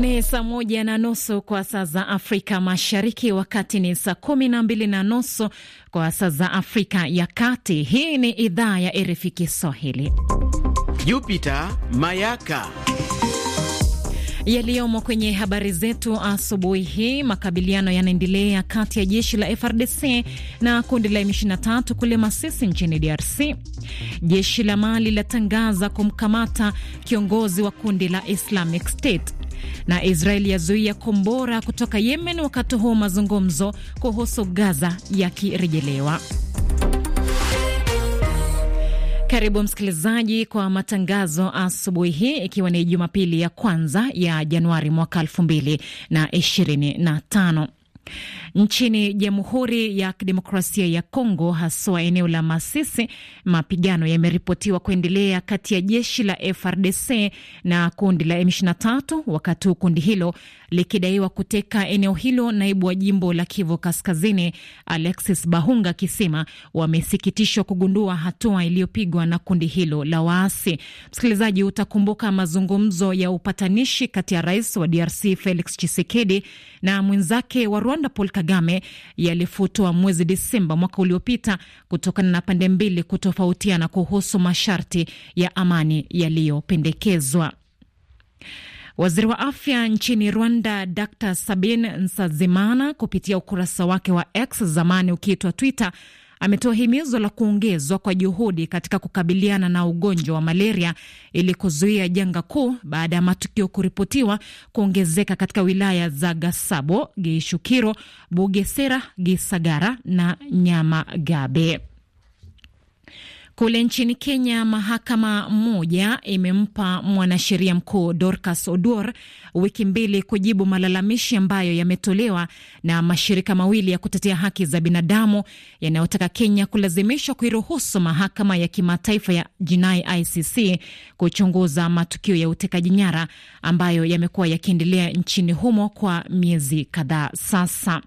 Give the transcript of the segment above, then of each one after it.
Ni saa moja na nusu kwa saa za Afrika Mashariki, wakati ni saa kumi na mbili na nusu kwa saa za Afrika ya Kati. Hii ni idhaa ya RFI Kiswahili. Jupiter Mayaka Yaliyomo kwenye habari zetu asubuhi hii: makabiliano yanaendelea kati ya jeshi la FRDC na kundi la M23 kule Masisi nchini DRC. Jeshi la Mali latangaza kumkamata kiongozi wa kundi la Islamic State, na Israel yazuia kombora kutoka Yemen, wakati huu mazungumzo kuhusu Gaza yakirejelewa. Karibu msikilizaji kwa matangazo asubuhi hii, ikiwa ni Jumapili ya kwanza ya Januari mwaka elfu mbili na ishirini na tano. Nchini Jamhuri ya Kidemokrasia ya Kongo, haswa eneo la Masisi, mapigano yameripotiwa kuendelea kati ya jeshi la FRDC na kundi la M23, wakati huu kundi hilo likidaiwa kuteka eneo hilo. Naibu wa jimbo la Kivu Kaskazini Alexis Bahunga akisema wamesikitishwa kugundua hatua iliyopigwa na kundi hilo la waasi. Msikilizaji, utakumbuka mazungumzo ya upatanishi kati ya rais wa DRC Felix Tshisekedi na mwenzake wa Rwanda Paul Kagame Kagame yalifutwa mwezi Disemba mwaka uliopita kutokana na pande mbili kutofautiana kuhusu masharti ya amani yaliyopendekezwa. Waziri wa afya nchini Rwanda, Dr Sabin Nsazimana, kupitia ukurasa wake wa X zamani ukiitwa Twitter ametoa himizo la kuongezwa kwa juhudi katika kukabiliana na ugonjwa wa malaria ili kuzuia janga kuu baada ya matukio kuripotiwa kuongezeka katika wilaya za Gasabo, Gishukiro, Bugesera, Gisagara na Nyamagabe. Kule nchini Kenya, mahakama moja imempa mwanasheria mkuu Dorcas Oduor wiki mbili kujibu malalamishi ambayo yametolewa na mashirika mawili ya kutetea haki za binadamu yanayotaka Kenya kulazimishwa kuiruhusu mahakama ya kimataifa ya jinai ICC kuchunguza matukio ya utekaji nyara ambayo yamekuwa yakiendelea nchini humo kwa miezi kadhaa sasa.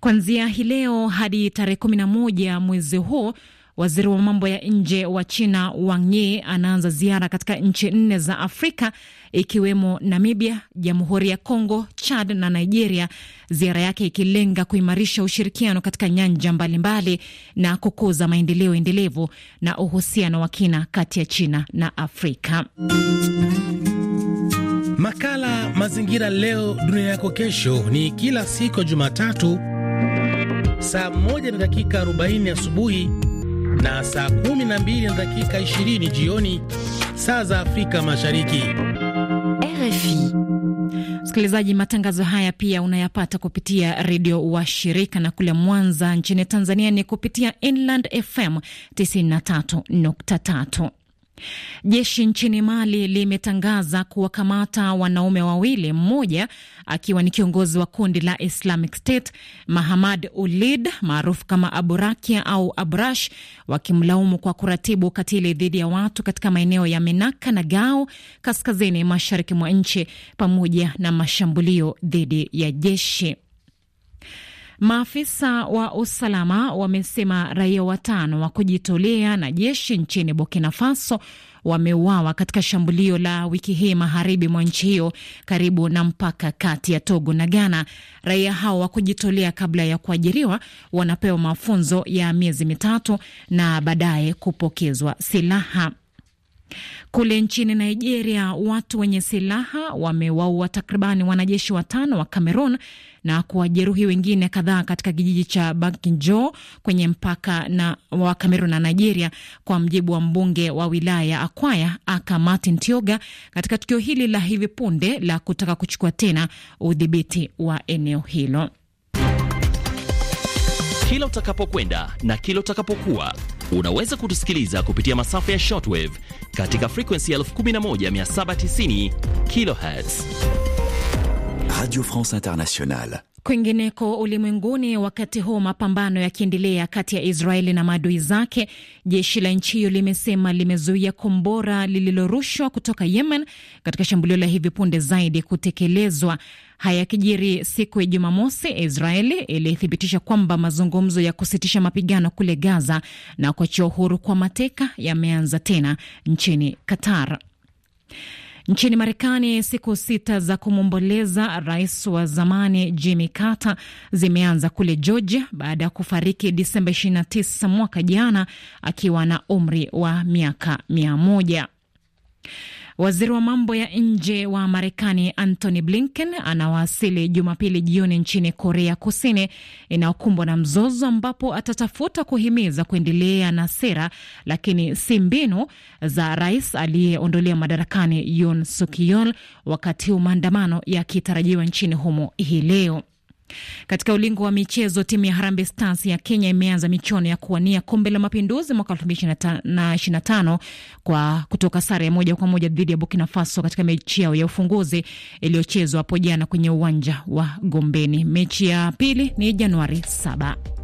Kuanzia hii leo hadi tarehe 11 mwezi huu Waziri wa mambo ya nje wa China Wang Yi anaanza ziara katika nchi nne za Afrika ikiwemo Namibia, Jamhuri ya Kongo, Chad na Nigeria, ziara yake ikilenga kuimarisha ushirikiano katika nyanja mbalimbali na kukuza maendeleo endelevu na uhusiano wa kina kati ya China na Afrika. Makala Mazingira Leo Dunia Yako Kesho ni kila siku Jumatatu saa 1 na dakika 40 asubuhi na saa 12 na dakika 20 jioni saa za Afrika Mashariki. RFI msikilizaji, matangazo haya pia unayapata kupitia redio wa shirika na kule Mwanza nchini Tanzania ni kupitia Inland FM 93.3. Jeshi nchini Mali limetangaza kuwakamata wanaume wawili, mmoja akiwa ni kiongozi wa kundi la Islamic State Mahamad Ulid maarufu kama Aburakia au Abrash, wakimlaumu kwa kuratibu ukatili dhidi ya watu katika maeneo ya Menaka na Gao kaskazini mashariki mwa nchi, pamoja na mashambulio dhidi ya jeshi. Maafisa wa usalama wamesema raia watano wa kujitolea na jeshi nchini Burkina Faso wameuawa katika shambulio la wiki hii magharibi mwa nchi hiyo karibu na mpaka kati ya Togo na Ghana. Raia hao wa kujitolea, kabla ya kuajiriwa, wanapewa mafunzo ya miezi mitatu na baadaye kupokezwa silaha. Kule nchini Nigeria, watu wenye silaha wamewaua takribani wanajeshi watano wa Cameroon na kuwajeruhi wengine kadhaa katika kijiji cha Bankinjo kwenye mpaka na wa Cameroon na Nigeria, kwa mjibu wa mbunge wa wilaya ya Akwaya Aka Martin Tioga, katika tukio hili la hivi punde la kutaka kuchukua tena udhibiti wa eneo hilo. Kila utakapokwenda na kila utakapokuwa Unaweza kutusikiliza kupitia masafa ya shortwave katika frequency 11790 kilohertz. Radio France Internationale. Kwingineko ulimwenguni, wakati huu mapambano yakiendelea kati ya Israeli na maadui zake, jeshi la nchi hiyo limesema limezuia kombora lililorushwa kutoka Yemen katika shambulio la hivi punde zaidi kutekelezwa. Haya yakijiri siku ya Jumamosi, Israeli ilithibitisha kwamba mazungumzo ya kusitisha mapigano kule Gaza na kuachia uhuru kwa mateka yameanza tena nchini Qatar. Nchini Marekani, siku sita za kumwomboleza rais wa zamani Jimmy Carter zimeanza kule Georgia baada ya kufariki Disemba 29 mwaka jana akiwa na umri wa miaka mia moja. Waziri wa mambo ya nje wa Marekani Antony Blinken anawasili Jumapili jioni nchini Korea Kusini inayokumbwa na mzozo, ambapo atatafuta kuhimiza kuendelea na sera lakini si mbinu za rais aliyeondolea madarakani Yoon Suk Yeol, wakati huu maandamano yakitarajiwa nchini humo hii leo. Katika ulingo wa michezo, timu ya Harambee Stars ya Kenya imeanza michuano ya kuwania kombe la mapinduzi mwaka elfu mbili na na tano kwa kutoka sare ya moja kwa moja dhidi ya Burkina Faso katika mechi yao ya ufunguzi iliyochezwa hapo jana kwenye uwanja wa Gombeni. Mechi ya pili ni Januari saba.